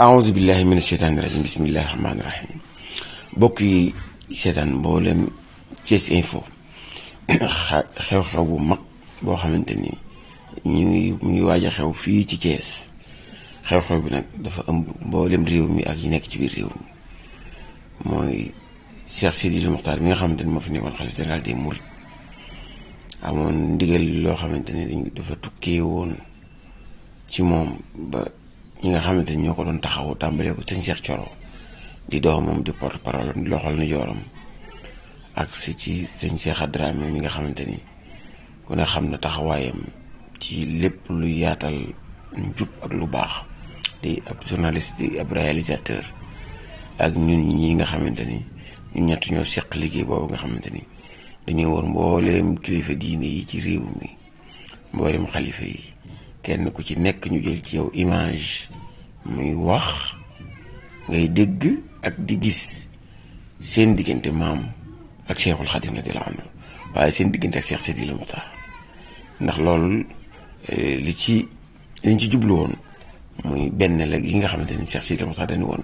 أعوذ بالله من الشيطان الرجيم بسم الله الرحمن الرحيم بوكي شيطان بولم تيس انفو خاو خاو مك بو خامتني ني مي واجا خاو في تي تيس خاو خاو بنا دافا ام بولم ريو مي اك نيك تي بير ريو مي موي شيخ سيدي المختار مي خامتني ما فني وان خالد جنرال دي مول امون ديغل لو خامتني دافا توكي وون تي موم با ñi nga xamante ni ñoo ko doon taxawu tàmbalee ko sëñ Cheikh Thioro di doomam di porte parole am di loxol ni jooram ak si ci sëñ Cheikh Adramé mi nga xamante ni ku ne xam na taxawaayam ci lépp lu yaatal njub ak lu baax di ab journaliste di ab ak ñun ñi nga xamante ni ñett ñoo seq liggéey boobu nga xamante ni dañuy war mbooleem kilifa diine yi ci réew mi mbooleem xalifa yi kenn ku ci nekk ñu jël ci yow image muy wax ngay dégg ak di gis seen diggante maam ak Cheikhul Khadim radiyallahu anhu waaye seen diggante ak Cheikh Sidil Muxtaar ndax loolu li ci liñ ci jublu woon muy benn la yi nga xamante ni Cheikh Sidil Muxtaar dañu woon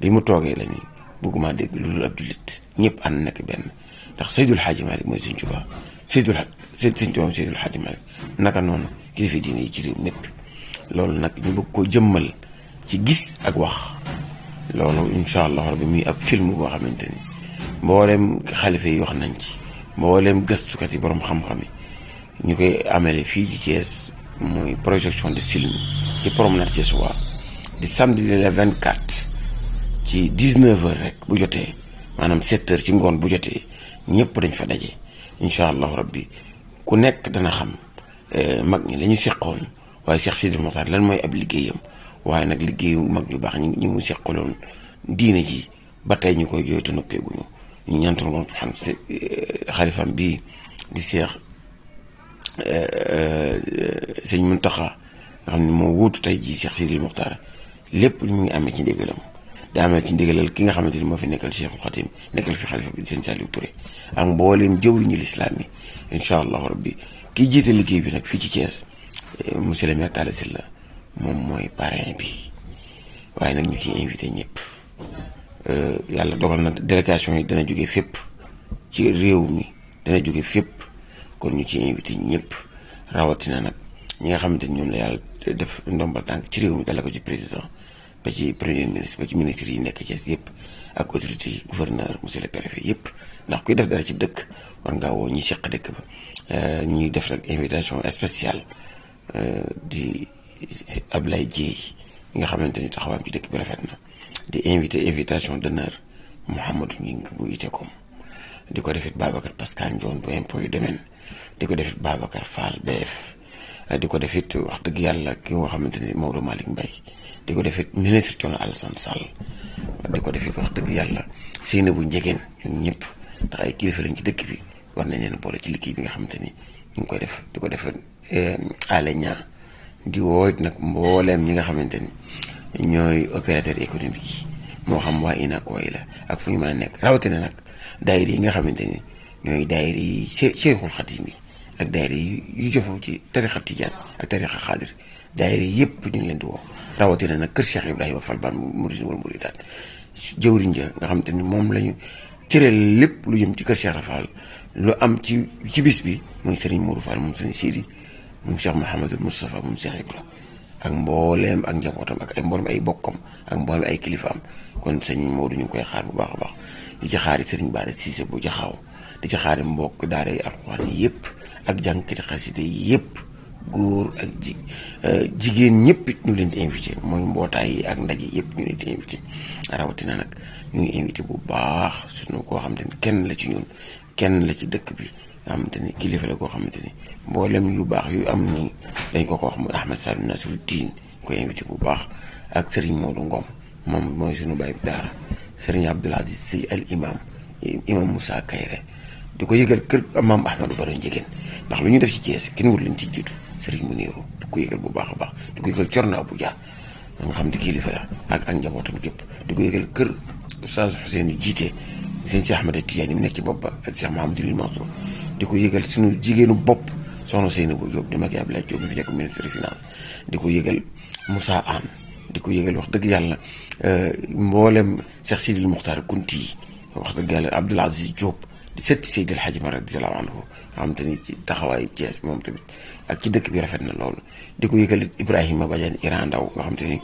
bi mu toogee la ni bëgguma dégg lu dul ab jullit ñëpp ànd nekk benn ndax Seydul Xaaji Maalik mooy Sëñ Tuubaa Seydou Sëñ Maam Seydou Xaadim Maalik naka noonu kilifa diine yi ci réew mépp loolu nag ñu bëgg ko jëmmal ci gis ak wax loolu incha allah rabbi muy ab film boo xamante ni mbooleem xalifa yi wax nañ ci mbooleem gëstukat yi borom xam-xam yi ñu koy amale fii ci Thiès muy projection de film ci promenade Thiès soir di samedi le 24 ci 19 heures rek bu jotee maanaam 7 heures ci ngoon bu jotee ñëpp dañ fa daje. ان شاء الله ربي كو نيك دا نا خم ماك ني لا ني سيخون واي شيخ سيدي مختار لان موي اب ليغييام واي نا ليغييو ماك يو باخ ني مو سيخولون دينا جي با تاي ني كو جويتو نوبيغو ني نانتو لون سبحان خليفه بي دي شيخ سيني منتخا خامني مو ووتو تاي جي شيخ سيدي مختار لب ني امي كي ديغلام daa amee ci ndigalal ki nga xamante ni moo fi nekkal Cheikhul Khatim nekkal fi xalifa bi sëñ Saliou Touré ak mbooleem jëwriñu lislaam yi incha allahu rabbi kii jiite liggéey bi nag fii ci Thiès monsieur le maire Talla Sylla moom mooy parrain bi waaye nag ñu ci invité ñëpp yàlla dogal na délégation yi dana jóge fépp ci réew mi dana jóge fépp kon ñu ci invité ñëpp rawatina nag ñi nga xamante ni la yàlla def ndombal tànk ci réew mi dala ko ci président ba ci premier ministre ba ci ministre yi nekk Thiès yëpp ak autorité yi gouverneur monsieur le préfet ndax kuy def dara ci dëkk war ngaa woo ñi seq dëkk ba euh, ñuy def nag invitation spéciale euh, di Ablaye Dieye nga xamante ni taxawaam ci dëkk bi rafet na di invité invitation d'honneur Mouhamadou Ngingue bu Itekom di ko defit Babacar Pascal Ndione bu impôt yu di ko defit Babacar Fall BF di ko def it wax dëgg yàlla ki nga xamante ni Maodo Malick Mbaye di ko def it ministre Thiono Alassane Sall di ko def it wax dëgg yàlla séen bu njegeen ñun ñëpp ndax ay kilifa lañ ci dëkk bi war nañ leen boole ci liggéey bi nga xamante ni ñu ngi def di ko def aale eh, ñaa di nag mbooleem ñi nga xamante ni ñooy opérateur économique yi moo xam waa INACO yi la ak fu ñu mën a nekk rawatina nag daayira yi nga xamante ni ñooy daayira yi Seexul Xadim yi ak daayira yi yu jofew ci tarixa tijaan ak tarixa xaadir daayira yëpp ñu ngi leen di woo rawatina nag kër Cheikh Ibrahima Fall Baal murid wal muridaat jëwriñ ja nga xam te ni moom la ñu cëral lépp lu jëm ci kër Cheikh Fall lu am ci ci bis bi mooy Serigne Mourou Fall moom Serigne Sidi moom Cheikh Mouhamadul Moustapha moom Cheikh Ibra ak mbooleem ak njabootam ak ay mboolem ay bokkam ak mboolem ay kilifaam kon sëñ Modou ñu ngi koy xaar bu baax a baax di ci xaari Serigne Bara Cissé bu jaxaaw di ci xaari mbokk daara yi alxuraan yëpp ak jàngkati xasida yi yëpp góor ak ji euh, jigéen ñëpp ñu leen di invité mooy mbootaay yi ak ndaje yëpp ñu leen di invité rawatina nag ñu ngi invité bu baax suñu koo xamante ni kenn la ci ñun kenn la ci dëkk bi am xamante ni kilifa la koo xamante ni mboolem yu baax yu am nii dañ ko ko wax muy Ahmed Saliou Nasruddin koy invité bu baax ak Serigne Modou Ngom moom mooy suñu baay bi daara Serigne Abdoul Aziz Sy al imam imam Moussa Kayre di ko yëgal kër maam Ahmadou Baro Njigéen ndax lu ñu def ci Thiès kenn wut lañ ci jiitu Serigne muniro di ko yëgal bu baax a baax di ko yëgal bu ja nga xam di kilifa la ak ak njabootam gépp di ko yëgal kër Oustaz Ousseynou jiite seen Cheikh Ahmed Tidiane mu nekk ci bopp ak Cheikh Mahamadou Mansour di ko yëgal suñu jigéenu bopp soxna bu Diop di magi Abdoulaye Diop mi fi nekk ministre finance di ko yëgal Moussa Anne di ko yëgal wax dëgg yàlla mboolem Cheikh Sidil Moukhtar kunti wax dëgg yàlla Abdoul Aziz Diop set Seydi El Hadji Omar radiyallahu anhu nga xam te ni ci taxawaayu Thiès moom tamit ak ci dëkk bi rafet na loolu di ko yëgalit Ibrahima Badiane Iran Ndaw nga xam te ni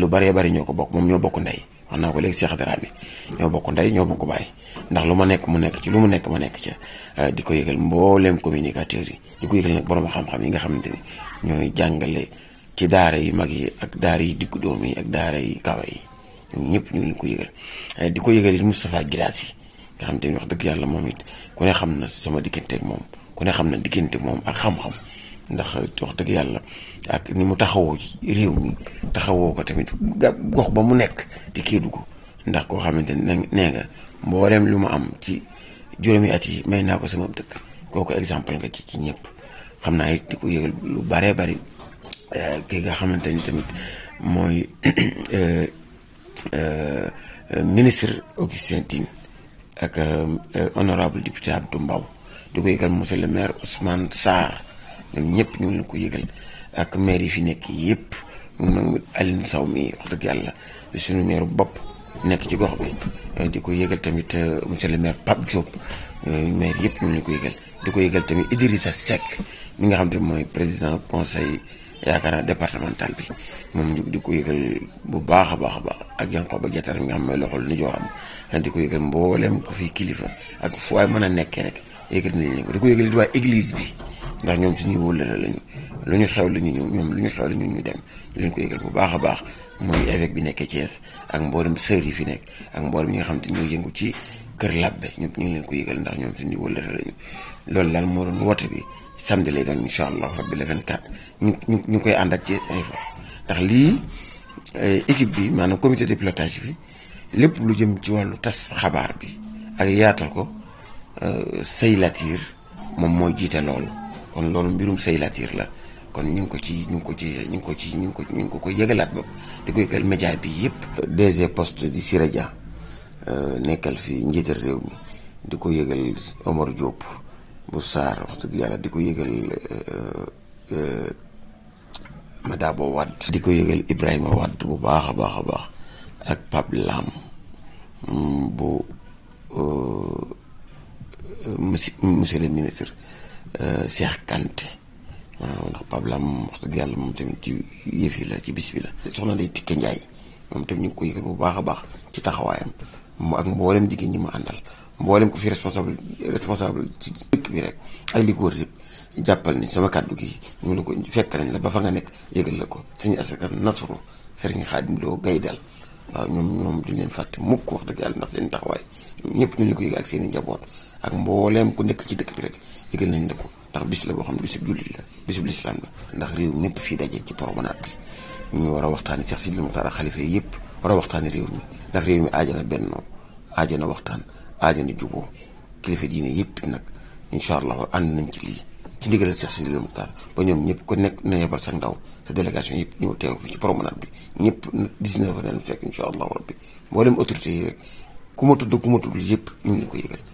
lu baree bari ñoo ko bokk moom ñoo bokk ndey wax naa ko léegi Cheikh Dramé ñoo bokk ndey ñoo bokk baay ndax lu ma nekk mu nekk ci lu mu nekk ma nekk ca di ko yëgal mbooleem communicateurs yi di ko yëgal nag borom xam-xam yi nga xamante ni ñooy jàngale ci daara yu mag yi ak daara yi diggu doom yi ak daara yi kawa yi ñun ñëpp ñu ngi ko yëgal di ko yëgalit Moustapha Guirassy nga xam te wax dëgg yàlla moom it ku ne xam na sama ak moom ku ne xam na diggante moom ak xam-xam ndax wax dëgg yàlla ak ni mu taxawoo ci réew mi taxawoo ko tamit gox ba mu nekk di kii dugg ndax koo xamante ne nee nga mboolem lu mu am ci juróomi at yi may naa ko sama dëkk kooku exemple nga ci ci ñëpp xam naa it di ko yëgal lu baree bari ki nga xamante ni tamit mooy ministre Augustin Tine ak euh, honorable député Abdou Mbow di ko yëgal monsieur le maire Ousmane Sarr ñoom ñëpp ñu ngi leen ko yëgal ak maire yi fi nekk yëpp moom nag Alioune Sow mi wax dëgg yàlla di suñu maire bopp nekk ci gox bi euh, di ko yëgal tamit euh, monsieur le maire Pape Diop maire yëpp ñu ngi leen ko yëgal di ko yëgal tamit sa Seck mi nga xam te mooy président conseil yaakaar naa départemental bi moom ñu di ko yëgal bu baax a baax a baax ak Yankhoba Diattara mi nga xam mooy loxol nu joo di ko yëgal mboolem ko kilifa ak fu mën a nekkee rek yëgal nañ leen ko di ko yëgal di waa église bi ndax ñoom suñuy wóllëre lañu lu ñu xew la ñu ñoom lu ñu xew la ñu ñu dem di leen ko bu baax a baax muy évêque bi nekkee Thiès ak mboolem sœur yi fi nekk ak mboolem ñi nga xam te ñoo yëngu ci kër labbe ñëpp ñu ngi leen ko yëgal ndax ñoom suñuy wóllëre lañu loolu daal moo doon woote bi samedi lay doon incha allah rabbi le 24 ñu ñu ñu koy ànd ak Thiès Info ndax lii eh, équipe bi maanaam comité de pilotage bi lépp lu jëm ci wàllu tas xabaar bi ak yaatal ko eh, Seylatir moom mooy jiite loolu kon loolu mbirum Seylatir la kon ñu ngi ko ci ñu ngi ko ci ñu ngi ko ci ñu ngi ko ñu ngi ko koy yëgalaat bopp di ko yëgal média bi yëpp. DG poste di Siradia eh, nekkal fi njiital réew di ko yëgal Omar bu saar wax dëgg yàlla di ko yëgal euh, euh, Madabo Wade di ko yëgal Ibrahima Wade bu baax a baax a baax ak Pape Lam mm, bu euh, monsieur le ministre Cheikh Kanté waaw ndax Pape Lam wax dëgg yàlla moom tamit ci yëf yi la ci bis bi la soxna day Tické Ndiaye moom tamit ñu ngi ko yëgal bu baax a baax ci taxawaayam ak mboolem jigéen ñi mu àndal mboolem ko fi responsable responsable ci dëkk bi rek ay li góor yëpp jàppal ni sama kàddu gi ñu la ko fekk nañ la ba fa nga nekk yëgal la ko sëñ asakar nasru sëriñ xaadim loo gay dal waaw ñoom ñoom di leen fàtte mukk wax dëgg yàlla ndax seen taxawaay ñëpp ñu la ko yëg ak seen i njaboot ak mbooleem ku nekk ci dëkk bi rek yëgal nañ la ko ndax bis la boo xam ne bisub julli la bisub lislaam la ndax réew mépp fii daje ci promenade bi ñu war a waxtaani Cheikh Sidil Muxtaar ak xalifa yëpp war a waxtaani réew mi ndax réew mi aajana bennoo aajana waxtaan aajo na juboo kilifa diine yëpp nag incha allah ànd nañ ci lii ci ndigalal Cheikh Sidi Muxtaar ba ñoom ñëpp ko nekk na yebal sax ndaw sa délégation yëpp ñëw teew fi ci promenade bi ñëpp 19 heures na leen fekk incha allahu rabbi mboolem autorité yi rek ku ma tudd ku ma tudd yëpp ñu ngi ko yëgal